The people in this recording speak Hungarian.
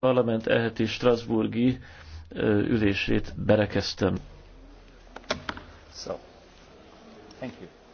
parlament eheti Strasburgi ülését berekeztem. So, thank you.